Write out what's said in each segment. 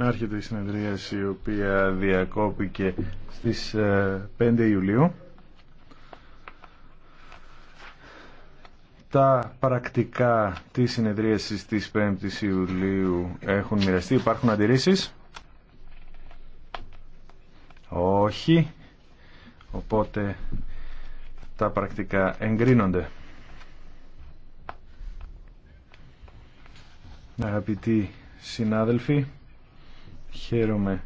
Άρχεται η συνεδρίαση η οποία διακόπηκε στις 5 ε, Ιουλίου. Τα πρακτικά της συνεδρίασης της 5ης Ιουλίου έχουν μοιραστεί. Υπάρχουν αντιρρήσεις. Όχι. Οπότε τα πρακτικά εγκρίνονται. Αγαπητοί συνάδελφοι, Χαίρομαι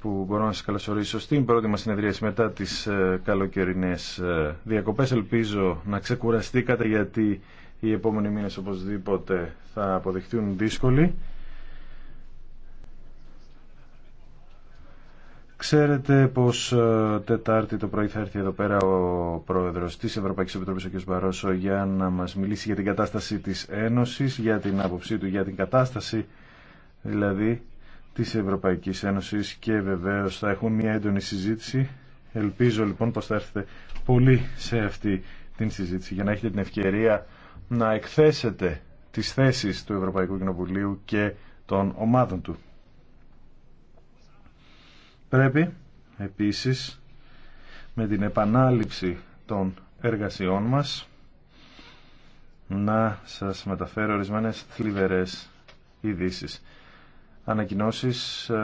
που μπορώ να σας καλωσορίσω στην πρώτη μας συνεδρίαση μετά τις ε, καλοκαιρινές ε, διακοπές. Ελπίζω να ξεκουραστήκατε γιατί οι επόμενοι μήνες οπωσδήποτε θα αποδειχτούν δύσκολοι. Ξέρετε πως ε, Τετάρτη το πρωί θα έρθει εδώ πέρα ο πρόεδρος της Ευρωπαϊκής Επιτροπής, ο κ. Μπαρόσο, για να μας μιλήσει για την κατάσταση της Ένωσης, για την άποψή του, για την κατάσταση δηλαδή της Ευρωπαϊκής Ένωσης και βεβαίως θα έχουν μια έντονη συζήτηση. Ελπίζω λοιπόν πως θα έρθετε πολύ σε αυτή την συζήτηση για να έχετε την ευκαιρία να εκθέσετε τις θέσεις του Ευρωπαϊκού Κοινοβουλίου και των ομάδων του. Πρέπει επίσης με την επανάληψη των εργασιών μας να σας μεταφέρω ορισμένες θλιβερές ειδήσει ανακοινώσεις ε,